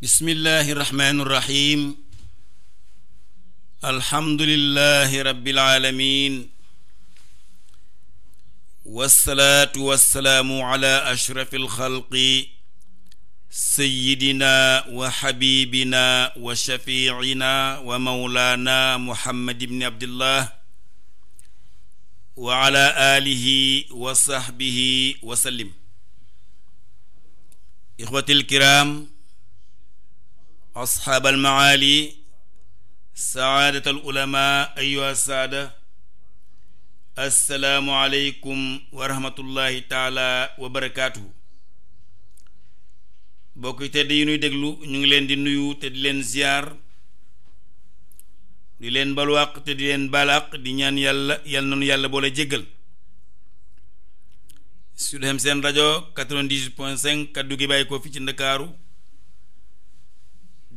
bismillahi irrahmani irrahim alhamdulilahi rabilaalamin wassalaatu wassalaamu ala ashrafi alxalqi sayidina wa xabibina wa shafiina wa maulana muhammad ibni abdillah wa ala alihi wa sahbihi wa sallim ixwati alkiram asxaab almaali saadat al ulama ayyuha saada assalaamu aleykum wa rahmatullahi taala wa barakaatuhu bokk nuy déglu ñu ngi leen di nuyu te di leen ziyaar di leen balwaq te di leen balaq di ñaan yàlla yàlla nanu yàlla boole jéggal Sud FM seen rajo 98 point 5 gi bàyyi ko fi ci ndakaaru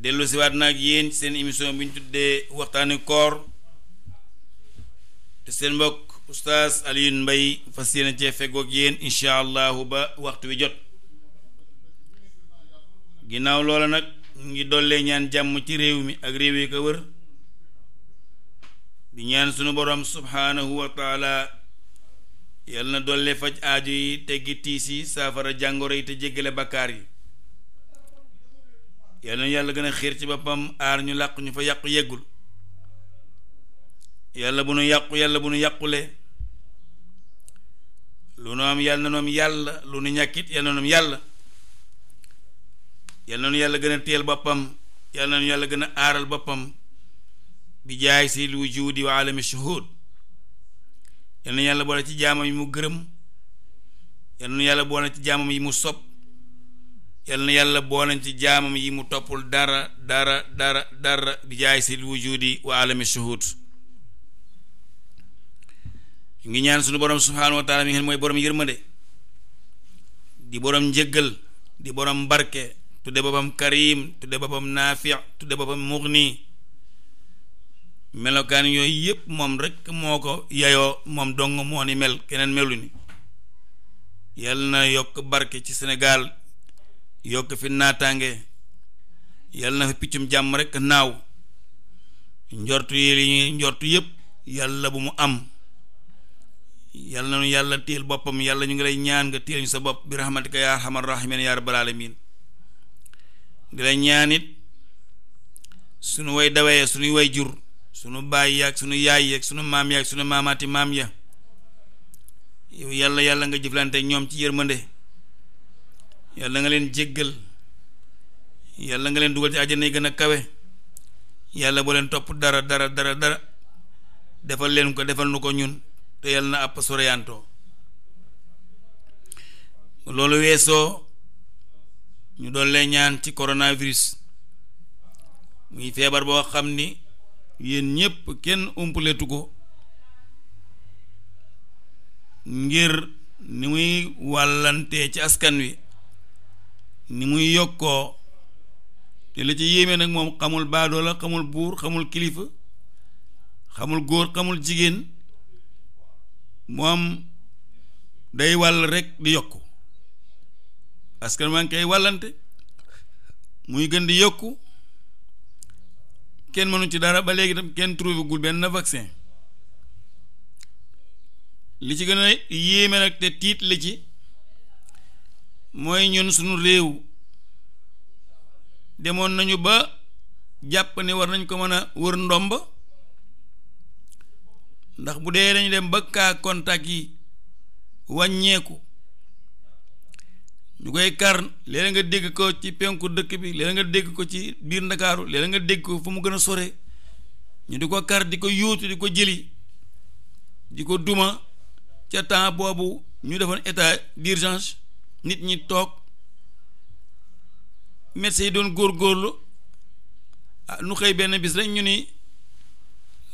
dellu siwaat naag yéen ci seen émission bi ñu tuddee waxtaani koor te seen mbokk oustaz Alioune mbay fas yéene cee feggoog yéen incha allahu ba waxtu wi jot ginnaaw loola nag ngi dollee ñaan jàmm ci réew mi ak réew ka wër di ñaan sunu borom subhaanahu wa taala yal na dollee faj aaju yi teggi tiis saafara jàngoro yi te jéggale bakkaar yi yàlla na yàlla gën a xiir ci boppam aar ñu làq ñu fa yàqu yeggul yàlla bu nu yàqu yàlla bu nu yàqule lu nu am yàlla yàlla lu nu ñàkkit yàlla na noom yàlla yàlla na yàlla gën a teel boppam yàlla na yàlla gën a aaral boppam bi jaay si lu wujudi wa alami shuhud yàlla na yàlla boole ci jaamam yi mu gërëm yàlla na yàlla boole ci jaamam yi mu sob yal na yàlla boolañ ci jaamam yi mu toppul dara dara dara dara bi jaay si wujudi wa alami shuhud ngi ñaan sunu borom subhaanahu wa taala mi ngeen mooy borom yërmande di borom njëggal di borom barke tudde boppam karim tudde boppam naafi tudde boppam mugni melokaan yooyu yëpp moom rek moo ko yayoo moom dong moo ni mel keneen melu ni yàlla na yokk barke ci Sénégal yokk fi naataange yàlla na fi piccum jàmm rekk naaw njortu yi li ñuy njortu yëpp yàlla bu mu am yàlla na nu yàlla téel boppam yàlla ñu ngi lay ñaan nga téel ñu sa bopp bi rahmatika yaa arhamar rahimin yaa rabbal alamin di lay ñaan it suñu way dawee suñuy way jur suñu baay yaag suñu yaay yaag suñu maam yaag suñu maamaati maam ya yow yàlla yàlla nga jëflante ñoom ci yërmande yàlla nga leen jéggal yàlla nga leen dugal ci àjjana yi gën a kawe yàlla boo leen topp dara dara dara dara defal leen ko defal nu ko ñun te yàlla na àpp soroyantoo loolu weesoo ñu doon lay ñaan ci coronavirus muy feebar boo xam ni yéen ñépp kenn umpaletu ko ngir ni muy wàllantee ci askan wi ni muy yokkoo te la ci yéeme nag moom xamul baadoo la xamul buur xamul kilifa xamul góor xamul jigéen moom day wàll rek di yokku askan maa ngi koy wàllante muy gën di yokku kenn mënu ci dara ba léegi tam kenn trouvé gul benn vaccin li ci gën a yéeme nag te tiit la ci mooy ñun suñu réew demoon nañu ba jàpp ne war nañ ko mën a wër ndomb ndax bu dee dañu dem ba kaa contact yi wàññeeku ñu koy kar léeg nga dégg ko ci penku dëkk bi léeg nga dégg ko ci biir ndakaaru léeg nga dégg ko fu mu gën a sore ñu di ko kar di ko yóotu di ko jëli di ko duma ca temps boobu ñu defoon état d'urgence nit ñi toog médecins yi doon góorlu ah nu xëy benn bis rek ñu ni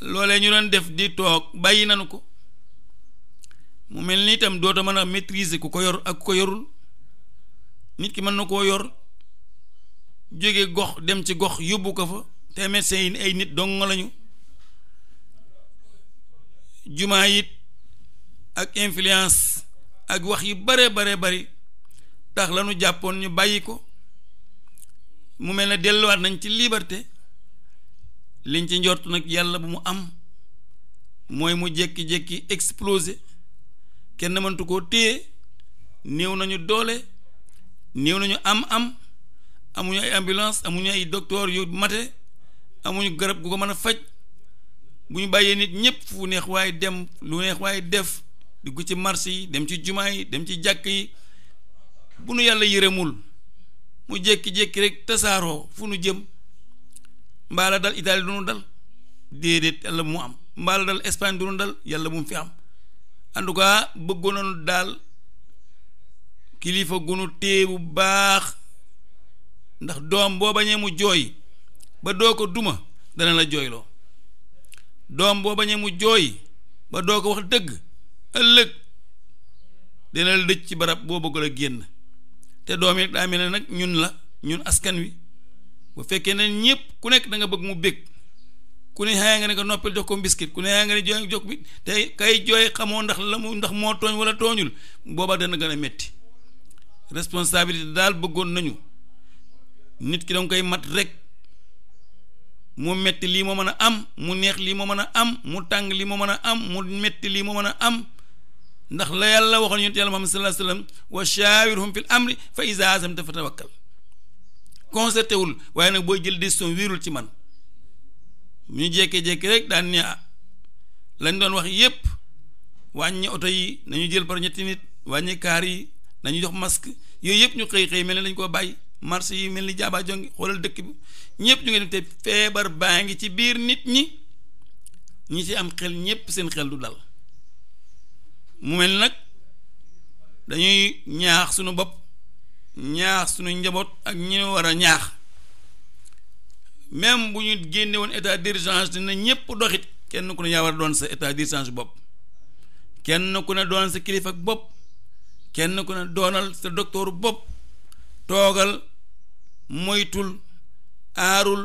loole ñu doon def di toog bàyyi nañu ko mu mel ni itam doota mën a maîtriser ku ko yor ak ku ko yorul nit ki mën na koo yor jóge gox dem ci gox yóbbu ko fa te médecins yi ay nit dong lañu jumaa it ak influence ak wax yu bare bare bari tax lañu jàppoon ñu bàyyi ko mu mel ne delluwaat nañ ci liberté liñ ci njort nag yàlla bu mu am mooy mu jékki-jékki explosé kenn mëntu koo téye néew nañu doole néew nañu am-am amuñu ay ambulance amuñu ay yu mate amuñu garab gu ko mën a faj bu ñu bàyyee nit ñëpp fu neex waay dem lu neex waay def dugg ci marché yi dem ci jumaa yi dem ci jàkk yi bu nu yàlla yërëmul mu jékki-jékki rek tasaaroo fu nu jëm mbaa la dal Italie du nu dal déedéet yàlla mu am mbaa la dal Espagne du nu dal yàlla mu fi am en tout cas bëggoon daal kilifa gu nu tee bu baax ndax doom boo bañee mu jooy ba doo ko duma dana la jooyloo doom boo bañee mu jooy ba doo ko wax dëgg ëllëg dina la ci barab boo bëgg la génn te doom daa mel nag ñun la ñun askan wi bu fekkee ne ñëpp ku nekk danga bëgg mu bég ku ne xayaa nga ne ko noppil jox ko mbiskit ku ne xayaa nga ne jooy jox bi te kay jooy xamoo ndax la mu ndax moo tooñ wala tooñul booba dana gën a metti responsabilité daal bëggoon nañu nit ki danga koy mat rek mu metti lii moo mën a am mu neex lii moo mën a am mu tàng lii moo mën a am mu metti lii moo mën a am ndax la yàlla waxoon yonent yàlla Muhammad sallallahu alayhi wa sallam wa shaawirhum fil amri fa izaa azamta fa tawakkal concerté wul waaye nag booy jël décision wéerul ci man ñu jékki-jékki rek daan ne ah, lañ doon wax yépp wàññi oto yi nañu jël par ñetti nit wàññi kaar yi nañu jox masque yooyu yëpp ñu xëy xëy mel ni lañ ko bàyyi marché yi mel ni jaabaa jongi xoolal dëkk bi ñëpp ñu ngi te feebar baa ngi ci biir nit ñi ñi ci am xel ñëpp seen xel du dal mu mel nag dañuy ñaax suñu bopp ñaax suñu njaboot ak ñi war a ñaax même bu ñu génne woon état d'urgence dina ñépp doxit kenn ku ne yaa doon sa état d'urgence bopp kenn ku ne doonal sa kilifa bopp kenn ku ne doonal sa docteur bopp toogal moytul aarul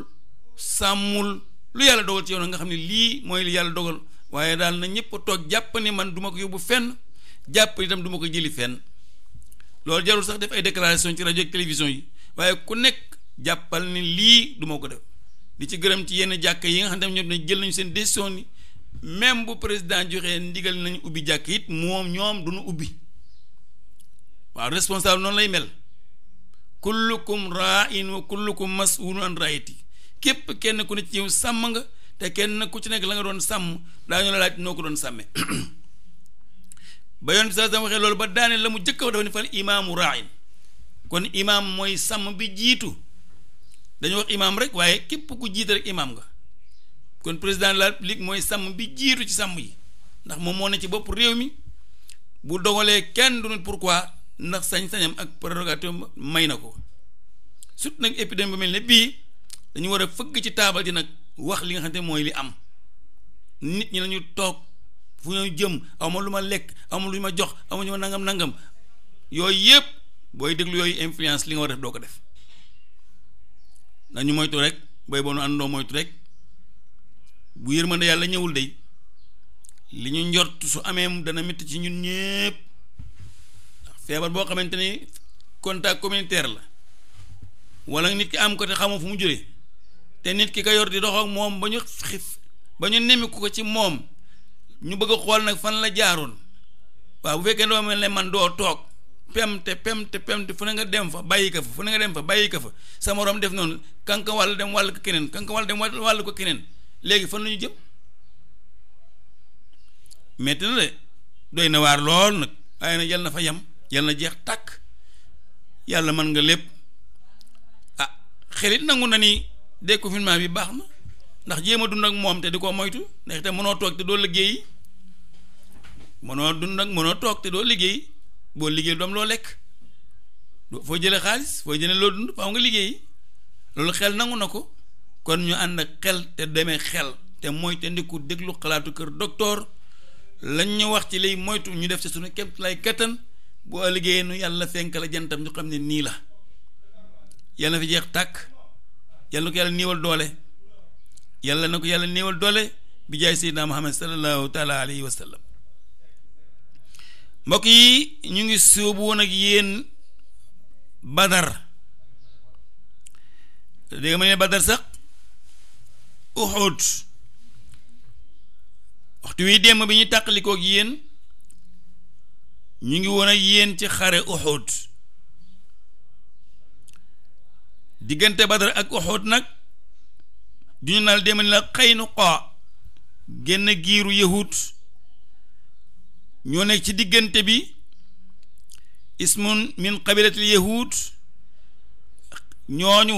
sàmmul lu yàlla dogal ci yow nga xam ne lii mooy yàlla dogal waaye daal na ñëpp toog jàpp ni man duma ko yóbbu fenn jàpp itam du ma ko jëli fenn loolu jarul sax def ay déclaration ci rajo ak télévision yi waaye ku nekk jàppal ni lii duma ko def di ci gërëm ci yenn jàkk yi nga xam ne ñoom dañ jël nañu seen décision ni même bu président joxe ndigal nañu ubbi jàkk it moom ñoom du ñu ubbi waaw responsable noonu lay mel kullukum ra'in wa kullukum mas'ulun an yi képp kenn ku ne ci yow sàmm nga te kenn ku ci nekk la nga doon sàmm daañu la laaj noo ko doon sàmme ba yoon bi saa sam waxee loolu ba daane la mu jëkk wax dafa ne fal imaamu raain kon imaam mooy sàmm bi jiitu dañu wax imaam rek waaye képp ku jiite rek imaam nga kon président de la république mooy sàmm bi jiitu ci sàmm yi ndax moom moo ne ci bopp réew mi bu dogalee kenn du ne pourquoi ndax sañ-sañam ak prérogative may na ko surtout nag épidémie bu mel ne bii dañu war a fëgg ci taabal ji nag wax li nga xam ne mooy li am nit ñi nañu toog fu ñu jëm awma lu ma lekk awma lu ma jox awma lu ma nangam nangam yooyu yëpp booy déglu yooyu influence li nga war def doo ko def nañu moytu rek bay boonu àndoo moytu rek bu yërmande yàlla ñëwul day li ñu njort su amee dana métti ci ñun ñëpp feebar boo xamante ni contact communautaire la wala nit ki am ko te xamoo fu mu juree te nit ki ka yor di dox ak moom ba ñu xif ba ñu nemiku ko ci moom ñu bëgg a xool nag fan la jaarul waaw bu fekkee doo mel ne man doo toog pemte pemte pemte fu ne nga dem fa bàyyi ko fa fu ne nga dem fa bàyyi ko fa sa morom def noonu kanka wàll dem wàll ko keneen kanka wàll dem wàll ko keneen léegi fan lañu ñu jëm metti na de doy na waar lool nag waaye nag yal na fa yem yal na jeex tàkk yàlla mën nga lépp ah xelit nangu na nii de déconfinement bi baax na ndax jéem a dund ak moom te di ko moytu ndax te mënoo toog te doo liggéey mënoo dund ak mënoo toog te doo liggéey boo liggéey doom loo lekk foo jëlee xaalis foo jële loo dund faaw nga liggéey loolu xel nangu na ko kon ñu ànd ak xel te deme xel te mooy te ndiku déglu xalaatu kër docteur lañ ñu wax ci liy moytu ñu def si suñu képp lay kattan boo liggéeyee nu yàlla fenk la jantam ñu xam ne nii la yàlla fi jeex tàkk. yàlla na ko yàlla néewal doole yàlla na ko yàlla néewal doole bi jaay seydina muhammad sallallahu taala alayhi mbokk yi ñu ngi sóobu woon ak yéen badar dégg ma ne badar sax uxud waxtu wi démb bi ñu tàqalikoog yéen ñu ngi woon ak yéen ci xare uxud diggante badar ak uxut nag du naal naan dem la xaynu xoo génn giiru yahut ñoo nekk ci diggante bi ismun min qabilatil yahut ñooñu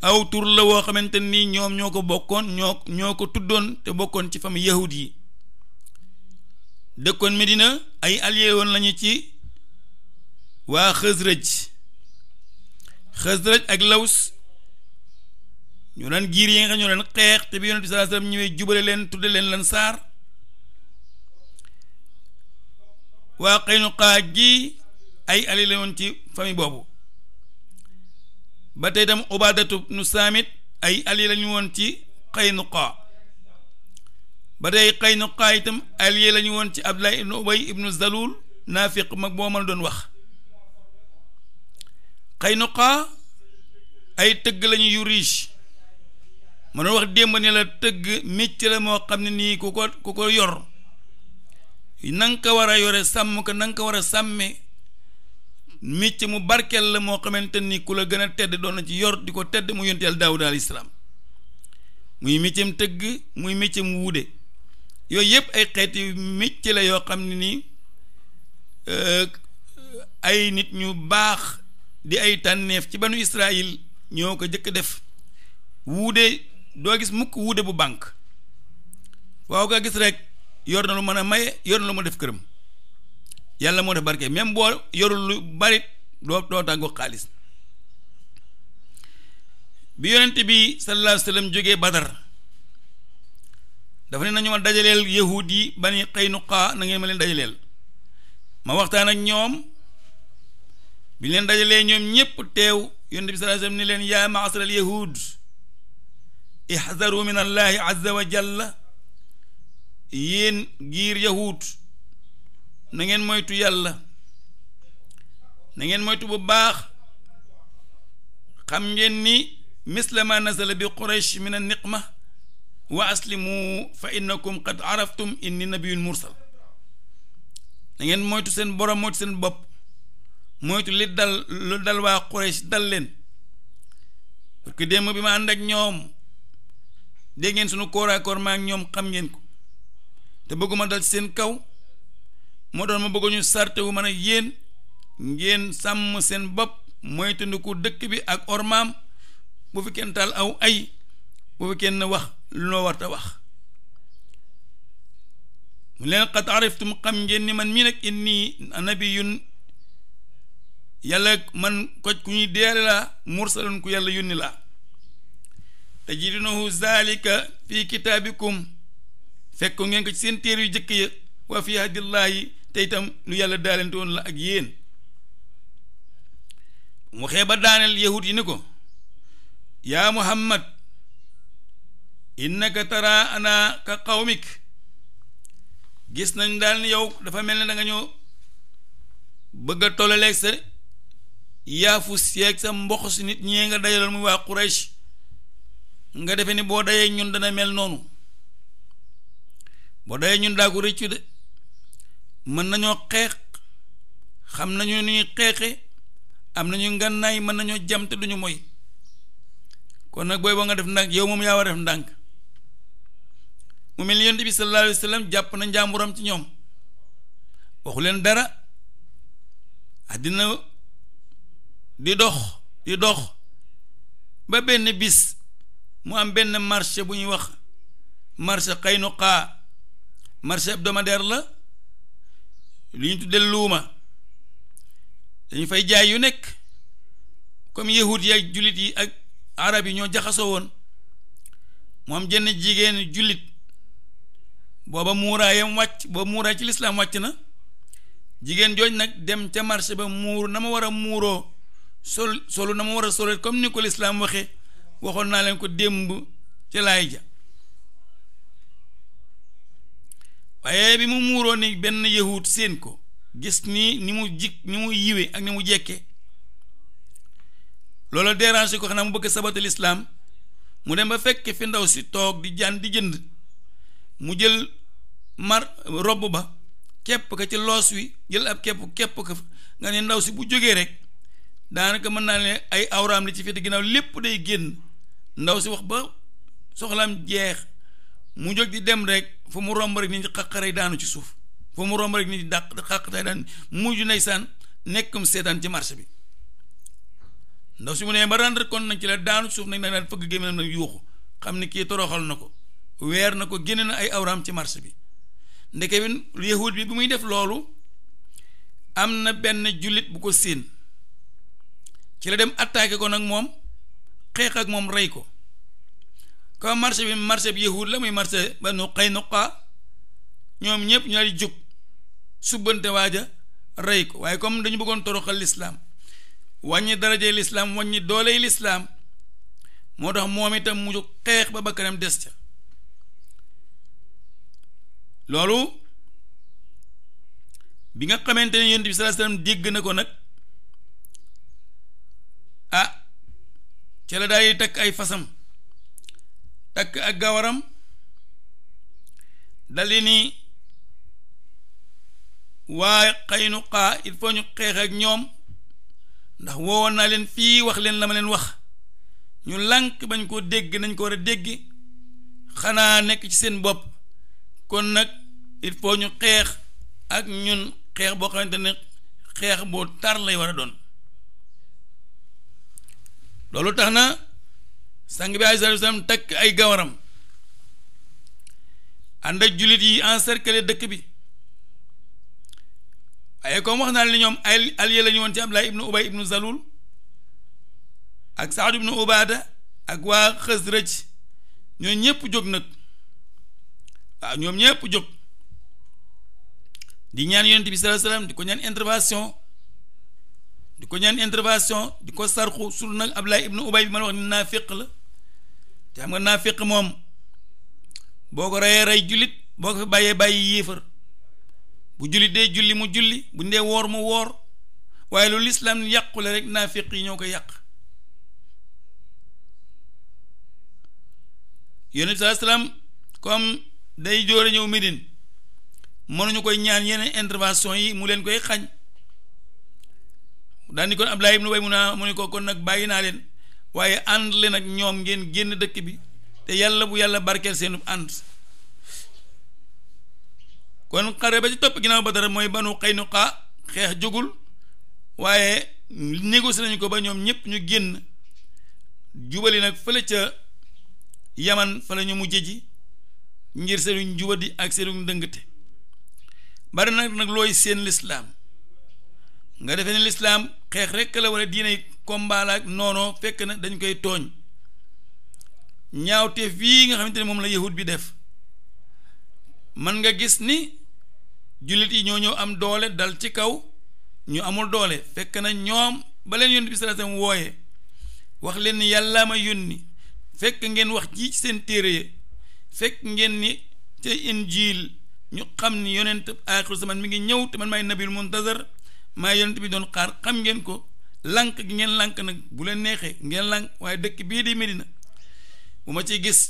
aw tur la woo xamante ni ñoom ñoo ko bokkoon ñoo ñoo ko tuddoon te bokkoon ci famille yahut yi dëkkoon Medina ay allié lañu ci waa Xësrëj xasraj ak laws ñu doon giir yi nga xam ñoo leen xeex te bi yonent bi sallallahu alayhi jubale leen tudde leen lan saar waa Qaynuqaa gi ay ali la woon ci famille boobu ba tey tam Ubaadatu nu Saamit ay ali lañu woon ci Qaynuqaa ba tey Qaynuqaa itam ali lañu woon ci Abdullah ibnu Ubay ibnu Zalul naafiq mag boo mën a doon wax Qaynuqa ay tëgg lañu yu riche mën doon wax démb ne la tëgg métier la moo xam ne nii ku ko ku ko yor na nga ko war a yore sàmm ko na nga ko war a sàmmee métier mu barkeel la moo xamante ni ku la gën a tedd doon na ci yor di ko tedd mu yonent Yàlla Daawuda alayhi muy métier tëgg muy métier mu wuude yooyu yëpp ay xeeti la yoo xam ne nii euh, ay nit ñu baax. di ay tànneef ci banu Israil ñoo ko jëkk def wuude doo gis mukk wuude bu banque waaw nga gis rek yor na lu mën a maye yor na lu mu def këram yàlla moo def barke même boo yorul lu bari doo doo tàggoo xaalis bi yonent bi sallallahu alayhi wa dafa ne nañu ma dajaleel yahud yi bani Qaynuqa na ngeen ma leen dajaleel ma waxtaan ak ñoom bi leen dajalee ñoom ñépp teew yonent bi sallallahu alayhi ni leen yaa ma'ashara al yahud ihzaru min allahi azza wa jalla yéen giir yahud na ngeen moytu yàlla na ngeen moytu bu baax xam ngeen ni misla ma nazala bi quraysh min an niqma wa aslimu fa innakum qad araftum inni nabiyun mursal na ngeen moytu seen borom moytu seen bopp moytu li dal lu dal waa Quraysh dal leen parce que démb bi ma ànd ak ñoom dégg ngeen sunu kooraakoor ma ñoom xam ngeen ko te bëgguma dal ci seen kaw moo doon ma bëgg ñu sarte wu mën a yéen ngeen sàmm seen bopp moytandiku dëkk bi ak ormaam bu fi kenn taal aw ay bu fi kenn wax lu noo warta wax mu leen qad ariftum xam ngeen ni man mii nag inni nabiyun yàlla man ko ku ñuy deere la mursalun ku yàlla yónni la tajidunahu zalika fi kitaabikum fekk ngeen ko ci seen téere yu jëkk ya waa fi itam yàlla daalante woon la ak yéen mu ba daaneel yahut yi ni ko yaa muhammad innaka tara ana ka qawmik gis nañ daal ni yow dafa mel ne danga ñëw ñoo tollaleeg sa yaafu seeg sa mboq si nit ñee nga dajaloon muy waa Quraysh nga defe ni boo dayee ñun dana mel noonu boo dayee ñun daa ko rëccu de mën nañoo xeex xam nañu ni ñuy xeexe am nañu ngànnaay mën nañoo jam te duñu moy kon nag booy boo nga def ndànk yow moom yaa war a def ndànk mu mel ni yonent bi sallallahu alayhi jàpp na njàmburam ci ñoom waxu leen dara àddina di dox di dox ba benn bis mu am benn marché bu ñuy wax marché Qaynuqa marché hebdomadaire la li ñu tudde luuma dañu fay jaay yu nekk comme yahud yi ak jullit yi ak arab yi ñoo jaxasoo woon mu am jenn jigéen jullit booba muuraayam wàcc booba muuraay ci lislaam wàcc na jigéen jooj nag dem ca marché ba muur na ma war a muuroo sol solu na mu war a solo comme ni ko lislaam waxe waxoon naa leen ko démb ci laay ja waaye bi mu muuroo ni benn yahut seen ko gis ni ni mu jik ni mu yiwee ak ni mu jekke loolu déranger ko xanaa mu bëgg sabatal islaam mu dem ba fekk fi ndaw si toog di jaan di jënd mu jël mar robb ba kepp ko ci loos wi jël ab kepp kepp ko nga ne ndaw si bu jógee rek daanaka mën naa ne ay awraam li ci féete ginnaaw lépp day génn ndaw si wax ba soxlaam jeex mu jóg di dem rek fu mu romb rek nit ñi xaqaray daanu ci suuf fu mu rombari rek nit ñi dàq xaqaray daanu mujj ndeysaan nekkum seetaan ci marché bi ndaw si mu nee ba rendre compte nañ ci la daanu suuf nañ nag daan fëgg gémminam nag yuuxu xam ne kii toroxal na ko weer na ko génne na ay awraam ci marché bi ndeke bi yahud bi bu muy def loolu am na benn jullit bu ko séen ci la dem attaqué ko nag moom xeex ak moom rey ko comme marché bi marché bi yahud la muy marché ba nu xëy nuqaa ñoom ñëpp ñu lay jóg subbante waaja rey ko waaye comme dañu bëggoon toroxal lislaam wàññi darajey lislaam wàññi dooley lislaam moo tax moom itam mu jóg xeex ba bakkanam des ca loolu bi nga xamante ne yonent bi sallallahu alayhi wasallam dégg na ko nag ah ca la daay takk ay fasam takk ak gawaram dali ni waa Qaynuqaa il faut ñu xeex ak ñoom ndax woowoon naa leen fii wax leen la ma leen wax ñu lànk bañ koo dégg nañ ko war a dégg xanaa nekk ci seen bopp kon nag il faut ñu xeex ak ñun xeex boo xamante ne xeex boo tar lay war a doon loolu tax na sang bi aleyhi salaatu wa takk ay gawaram ànd ak jullit yi encercler dëkk bi waaye comme wax naa li ñoom ay allié la woon ci Abdallah ibnu Ubay ibnu Zalul ak Saad ibnu Ubaada ak waa Xasraj ñoo ñëpp jóg nag waaw ñoom ñëpp jóg di ñaan yonent bi sallallahu alayhi wasallam di ko ñaan intervention di ko ñaan intervention di ko sarxu sur nag Ablaay ibnu Ubay bi ma la wax ni naafiq la te xam nga naafiq moom boo ko reyee rey jullit boo ko fi bàyyee bàyyi yéefar bu jullit dee julli mu julli bu dee woor mu woor waaye loolu lislaam yàqule rek naafiq yi ñoo ko yàq yonent saa salaam comme day jóore ñëw Médine mënuñu koy ñaan yeneen intervention yi mu leen koy xañ daan ni kon Abdoulaye ibnu Ubay mu ne mu ko kon nag bàyyi naa leen waaye ànd leen ak ñoom ngeen génn dëkk bi te yàlla bu yàlla barkeel seenu ànd kon xare ba ci topp ginnaaw ba dara mooy banu Qaynuqa xeex jógul waaye négocié nañu ko ba ñoom ñëpp ñu génn jubali nag fële ca yaman fa la mujje ji ngir seenu njubadi ak seenu ndëngte bari nag nag looy seen lislaam nga defee ne lislaam xeex rekk la wala diinay combat la ak noonoo fekk na dañ koy tooñ ñaawteef yii nga xamante ne moom la yahud bi def man nga gis ni jullit yi ñoo ñëw am doole dal ci kaw ñu amul doole fekk na ñoom ba leen yónni bi sallallahu alayhi wasallam wooye wax leen ni yàllaa ma yónni fekk ngeen wax ji ci seen téere ya fekk ngeen ni ca injiil ñu xam ni yonent aaxiru man mi ngi ñëw te man maay nabil muntazar maa yonent bi doon xaar xam ngeen ko lànk gi ngeen lànk nag bu leen neexee ngeen lànk waaye dëkk bii di Medina bu ma ciy gis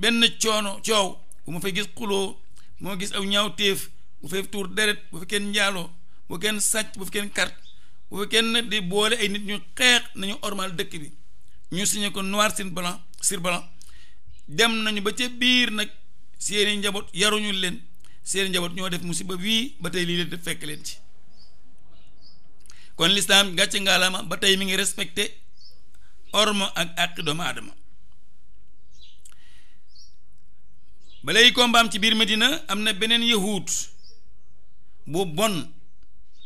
benn coono coow bu ma fi gis xuloo bu ma gis aw ñaaw téef bu fay tuur deret bu fi kenn njaaloo bu kenn sàcc bu fi kenn kart bu fi kenn di boole ay nit ñu xeex nañu ormal dëkk bi ñu signé ko noir sur blanc sur blanc dem nañu ba ca biir nag seeni njaboot yaruñu leen seeni njaboot ñoo def musiba bii ba tey lii leen def fekk leen ci kon lislaam gàcce ngaalama ba tey mi ngi respecté orma ak àqi doomu aadama balay kombaam ci biir Medina am na beneen yahuud bu bon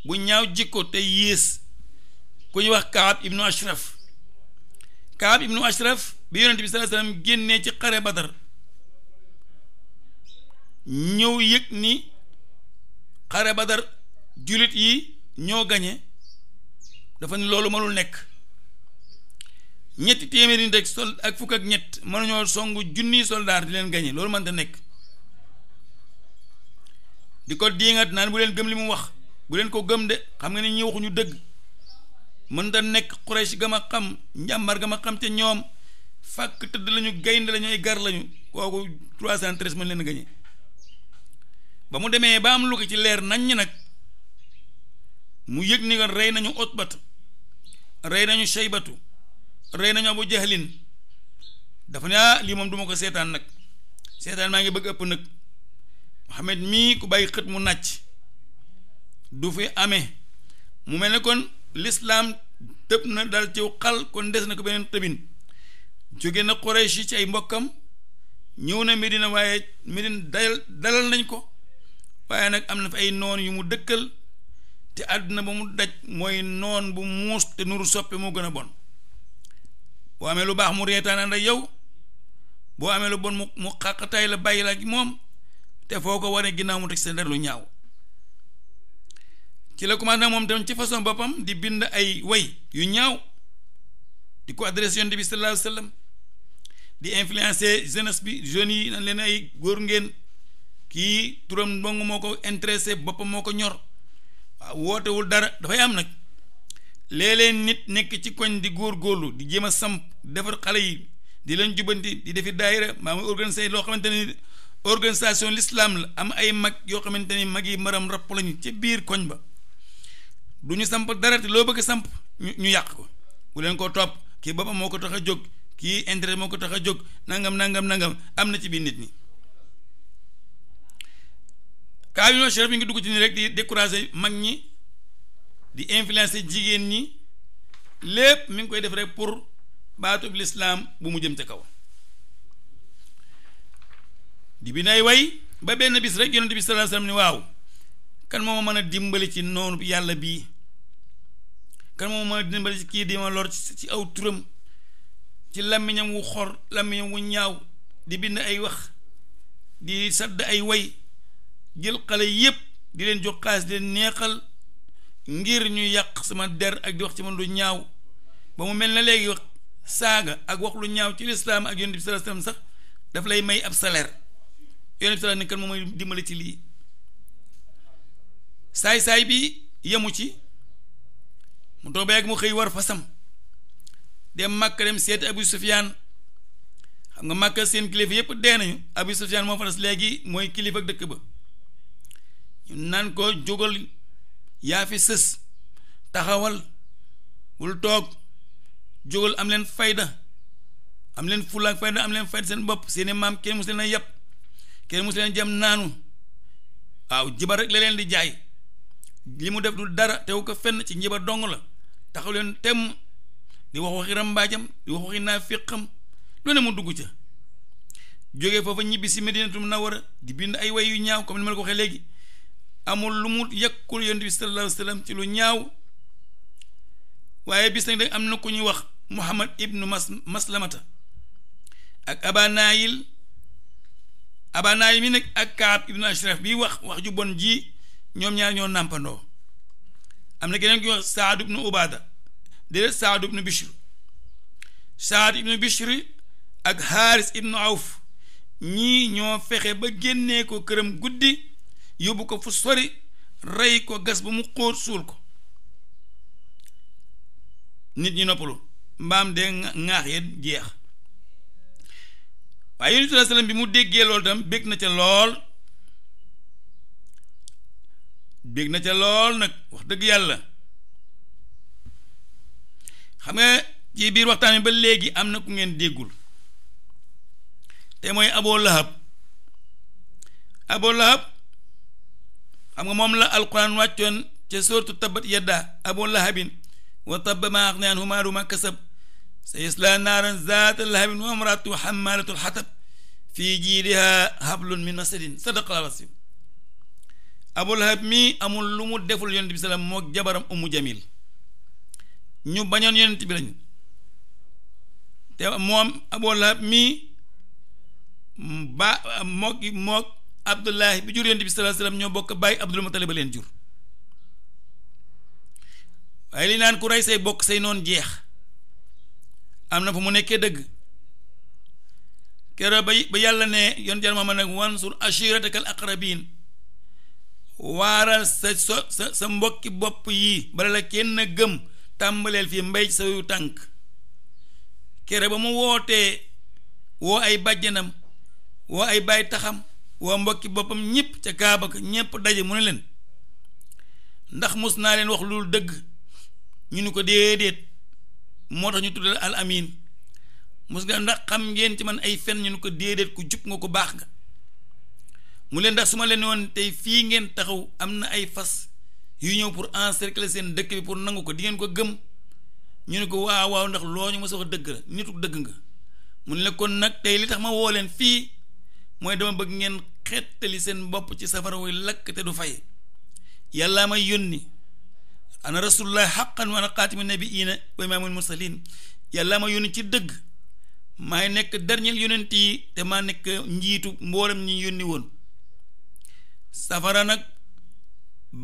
bu ñaaw jikko tey yées ku ñu wax Kaab ibnu Ashraf Kaab ibnu Ashraf bi yonent bi sallallahu génnee ci xare Badar ñëw yëg ni xare Badar jullit yi ñoo gañe dafa ne loolu mënul nekk ñetti téeméeri nit ak sol ak fukk ak ñett mënuñoo song junni soldaar di leen gañe loolu mën ta nekk di ko diingat naan bu leen gëm li mu wax bu leen ko gëm de xam nga ne ñi waxuñu dëgg mën ta nekk xurees ga ma xam njàmbar ga ma xam te ñoom fàkk tëdd lañu gaynde lañu gar lañu kooku trois cent treize mën leen gañe ba mu demee ba am lu ci leer nañ ñi nag mu yëg ni kon rey nañu Utbat rey nañu shaybatu rey nañu abu jahlin dafa ne ah lii moom duma ko seetaan nag seetaan maa ngi bëgg ëpp nag Muhammad mii ku bàyyi xët mu nàcc du fi amee mu mel ne kon lislaam tëb na dal ciw xal kon des na ko beneen tëbin jóge na Quraysh yi ci ay mbokkam ñëw na Medina waaye Medina dal dalal nañ ko waaye nag am na fi ay noon yu mu dëkkal te àdduna ba mu daj mooy noon bu muus te nuru soppee moo gën a bon boo amee lu baax mu reetaanaan ak yow boo amee lu bon mu mu xaqataay la bàyyi la ak moom te foo ko waree ginnaaw mu teg sa der lu ñaaw ci la commencé moom tamit ci façon boppam di bind ay way yu ñaaw di ko adressé yonent bi sallallahu alayhi wa di influencer jeunesse bi jeunes yi na leen ay góor ngeen kii turam dong moo ko intéressé boppam moo ko ñor waaw ah, wootewul dara dafay am nag léeg-léeg nit nekk ci koñ di góor góorlu di jéem a samp defar xale yi di leen jubbanti di defi daayira maa muy organiser loo xamante ni organisation lislaam la am ay mag yoo xamante ni mag yi maram rapp lañu ci biir koñ ba du ñu samp dara te loo bëgg samp ñu ñu yàq ko bu leen ko topp kii boppam moo ko tax a jóg kii intérêt moo ko tax a jóg nangam nangam nangam am na ci biir nit ñi kaa yu sheref mi ngi dugg ci nii rek di décourager mag ñi di influencer jigéen ñi lépp mu ngi koy def rek pour baatub lislaam bu mu jëm ca kaw di bi nay way ba benn bis rek yonent bi sallallahu alayhi wasallam ni waaw kan moo ma mën a dimbali ci noonu yàlla bii kan moo ma mën a dimbali ci kii di ma lor ci aw turam ci làmmiñam wu xor làmmiñam wu ñaaw di bind ay wax di sadd ay way jël xale yépp di leen jox xaalis di leen neexal ngir ñu yàq sama der ak di wax ci man lu ñaaw ba mu mel na léegi wax saaga ak wax lu ñaaw ci lislaam ak yonent bi sallallahu sax daf lay may ab salaire yonent bi sallallahu alayhi wasallam kan moom ci lii saay-saay bi yamu ci mu doobee ak yàgg mu xëy war fasam dem Makka dem seeti Abu Sufyaan xam nga Makka seen kilifa yépp dee nañu Abu Sufyaan moo fa des léegi mooy kilifa dëkk ba naan ko jógal yaa fi sës taxawal wul toog jógal am leen fayda am leen fulla ak fayda am leen fayda seen bopp seeni maam kenn mu seen a yàpp kenn mus leen jam naanu waaw jibar rek la leen di jaay li mu def du dara tew ko fenn ci njibar dong la taxaw leen temm di wax waxi mbaajam di wax waxi naafiqam lu ne mu dugg ca jógee foofa ñibbi si Medinatul Munawwara di bind ay way yu ñaaw comme ni ma ko waxee léegi amul lu mu yëkkul yonent bi sallallahu alayhi ci lu ñaaw waaye bis nag am na ku ñuy wax muhammad ibnu mas maslamata ak abanaayil abanaayil mi nag ak kaab ibnu ashraf bi wax wax ju bon ji ñoom ñaar ñoo nàmpandoo am na keneen ku ñuy wax saad ibnu ubaada déedéet saad ibnu bishr saad ibnu bishr ak haaris ibnu awf ñii ñoo fexe ba génnee ko këram guddi yóbbu ko fu sori rey ko gas ba mu xóor suul ko nit ñi noppalu mbaam de ŋaax ya jeex waaye yonent sallallahu alayhi wasallam bi mu déggee lool tam bég na ca lool bég na ca lool nag wax dëgg yàlla xam nga ci biir waxtaan wi ba léegi am na ku ngeen déggul te mooy Abu Lahab Abu Lahab xam nga moom la alquran ca sóortu tabbat yadda abu lahabin wa tabba maa axnaa anhu maaluhu maa kasab sa yaslaa naaran zaata lahabin wa amraatu xammaalatul xatab fii jiidiha hablun min masadin sadaqallaahu l-aziim abu lahab mii amul lu deful yonent bi salaam moo jabaram ummu jamil ñu bañoon yonent bi lañu moom abu lahab mii ba mook mook abdullahi bi jur yonent bi sallallahu alayhi wasallam ñoo bokk bàyyi abdul mutalib ba leen jur waaye li naan ku rey say bokk say noon jeex am na fu mu nekkee dëgg keroog ba yàlla ne yoon yàlla ma nag wansur ashirataka al aqrabin waaral sa so sa sa mbokki bopp yi bala la kenn gëm tàmbaleel fii mbay sa tànk keroog ba mu wootee woo ay bàjjanam woo ay baay taxam waa mbokki boppam ñëpp ca kaaba ka ñëpp daje mu ne leen ndax mos naa leen wax loolu dëgg ñu ni ko déedéet moo tax ñu tuddal al amin mos nga ndax xam ngeen ci man ay fen ñu ni ko déedéet ku jub nga ko baax nga mu leen ndax su ma leen woon tey fii ngeen taxaw am na ay fas yu ñëw pour encercler seen dëkk bi pour nangu ko di ngeen ko gëm ñu ne ko waaw waaw ndax loo ñu ma sa wax dëgg la nitu dëgg nga mu ne la kon nag tey li tax ma woo leen fii mooy xettali seen bopp ci safara wuy lakk te du fay yàlla may yónni ana rasulullah xaqan wa ana xaatimi nabiina wa imaamul mursalin yàllaa ma yónni ci dëgg maay nekk dernier yónent yi te maa nekk njiitu mboolem ñi yónni woon safara nag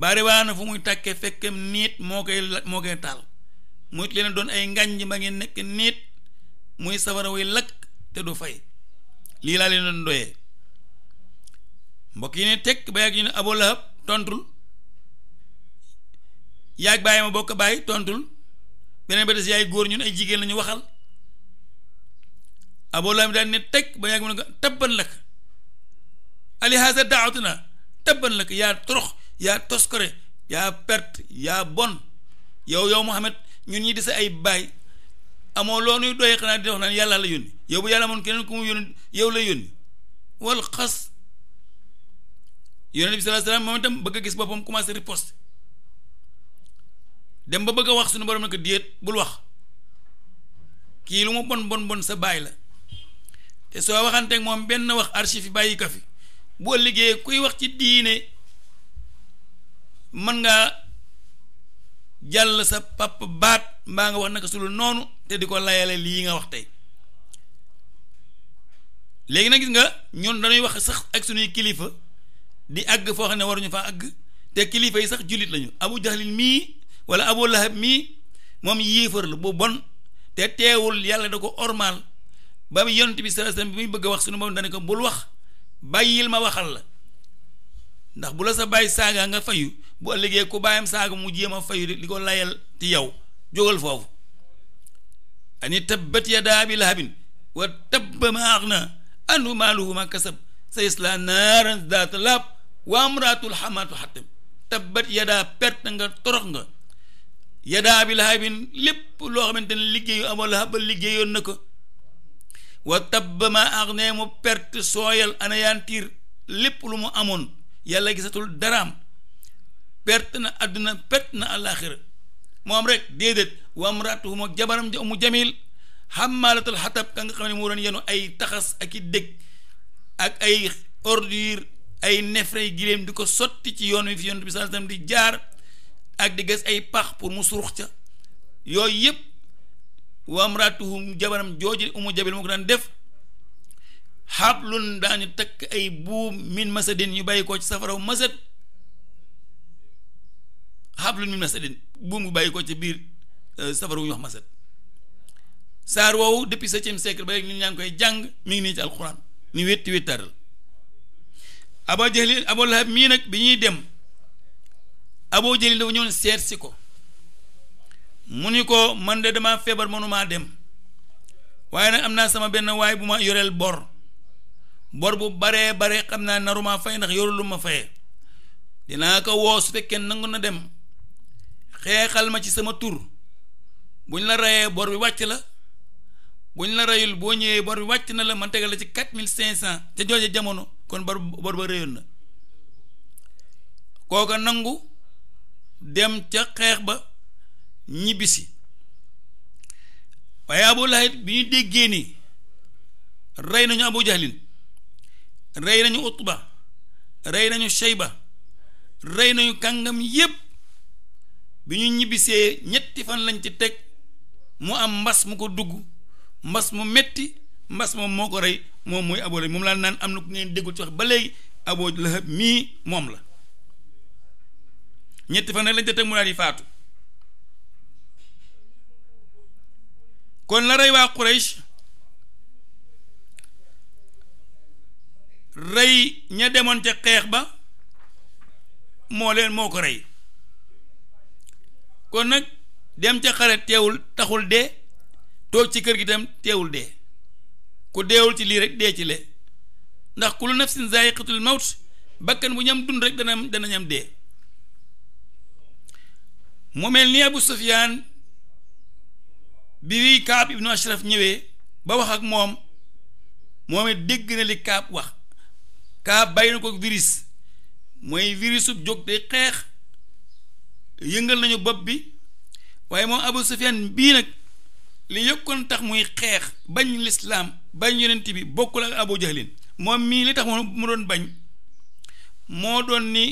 bari waa na fu muy takkee fekkem niit moo koy moo koy taal muy leen doon ay ngànj ba ngeen nekk niit muy safara wuy lakk te du fay lii laa leen doon doyee mbokk yi ne tekk ba yàgg ñu ne Abu Lahab tontul ma bokk bàyyi tontul beneen ba des yaay góor ñun ay jigéen lañu waxal Abu Lahab daal ne tekk ba yàgg mu ne ko tabban lak ali haasa daawatuna tabban lak yaa torox yaa toskore yaa perte yaa bon yow yow Muhammad ñun ñi di ay baay amoo loo nuy doyee xanaa di wax naan yàlla la yónni yow bu yàlla moon keneen ku mu yónni yow la yónni wal xas yonent bi sallallahu alayhi wasallam moom bëgg gis boppam commencé riposte dem ba bëgg a wax suñu borom ne ko déet bul wax kii lu mu bon bon bon sa baay la te soo waxanteeg moom benn wax archive yi bàyyi ka fi boo liggéeyee kuy wax ci diine mën ngaa jàll sa papa baat mbaa nga wax naka sulu noonu te di ko layale lii nga wax tey léegi nag gis nga ñoom dañuy wax sax ak suñuy kilifa di àgg foo xam ne waruñu fa àgg te kilifa yi sax jullit lañu abu jahlin mii wala abu lahab mii moom yéefar la bu bon te teewul yàlla da ko ormaal ba mu yonent bi sallallahu bi muy bëgg a wax suñu moom dana ko bul wax bàyyil ma waxal la ndax bu sa bàyyi saaga nga fayu bu ëllëgee ku bàyyam saaga mu jéem fayu di ko layal ci yow jógal foofu ani tabbat yadaa abi lahabin wa tabba waa muraatul xamaatu xatam tabbat yadaa perte nga nga yadaa bi lahabin lépp loo xamante ne liggéeyu Abu liggéeyoon na ko wa tabba maa agnee mu perte sooyal anayantiir lépp lu mu amoon yàlla gisatul daraam perte na àdduna perte na àllaaxira moom rek déedéet wa amraatuhu moom jabaram ja umu jamil xatab ka nga xam ne moo ay taxas ak i ak ay ordure ay nefray giléem di ko sotti ci yoon wi fi yonent bi sallallahu alayhi jaar ak di gas ay pax pour mu ca yooyu yëpp wa amratuhum jooju umu jabil daan def xablun daañu takk ay buum min masadin ñu bàyyi koo ci safaraw masad xablun min masadin buum bu bàyyi koo ci biir euh, safaraw ñu wax masad saar woowu depuis septième siècle ñaa ngi koy jàng mi ngi nii ci alxuraan ni wetti wettaaral aba jahlin aba lahab mii nag bi ñuy dem aboo jahlin dafa ñëwoon seet si ko mu ni ko man de damaa feebar mënumaa dem waaye nag am naa sama benn waay bu ma yoreel bor bor bu baree bare xam naa narumaa fay ndax yorul lu ma fayee dinaa ko woo su fekkee nangu na dem xeexal ma ci sama tur buñ la reyee bor bi wàcc la buñ la reyul boo ñëwee bor bi wàcc na la ma tegal la ci quatre mille cinq cent te jooje jamono kon bar bar ba réyoon na kooka nangu dem ca xeex ba ñibbisi waaye abu bi ñu déggee ni rey nañu abu jahlin rey nañu utba rey nañu shayba rey nañu kàngam yépp bi ñu ñibbisee ñetti fan lañ ci teg mu am mbas mu ko dugg mbas mu metti mbas moom moo ko rey moom mooy Abu Lahab moom laa naan am na ku ngeen déggul ci wax ba léegi Abu Lahab mii moom la ñetti fan rek lañ te teg mu daal di faatu kon la rey waa Quraysh rey ña demoon ca xeex ba moo leen moo ko rey kon nag dem ca xare teewul taxul de toog ci kër gi tam teewul de ku deewul ci lii rek dee ci le ndax kullu nafsin zaayiqatul mawt bakkan bu ñam dund rek dana dana ñam dee mu mel ni Abu Sufyaan bi Kaab ibnu Ashraf ñëwee ba wax ak moom moom it dégg na li Kaab wax Kaab bàyyi na ko virus mooy virisu jóg day xeex yëngal nañu bopp bi waaye moom Abu Sufyaan bii nag li yëkkoon tax muy xeex bañ lislaam bañ yonent bi bokkul ak abu jalin moom mii li tax mu doon bañ moo doon ni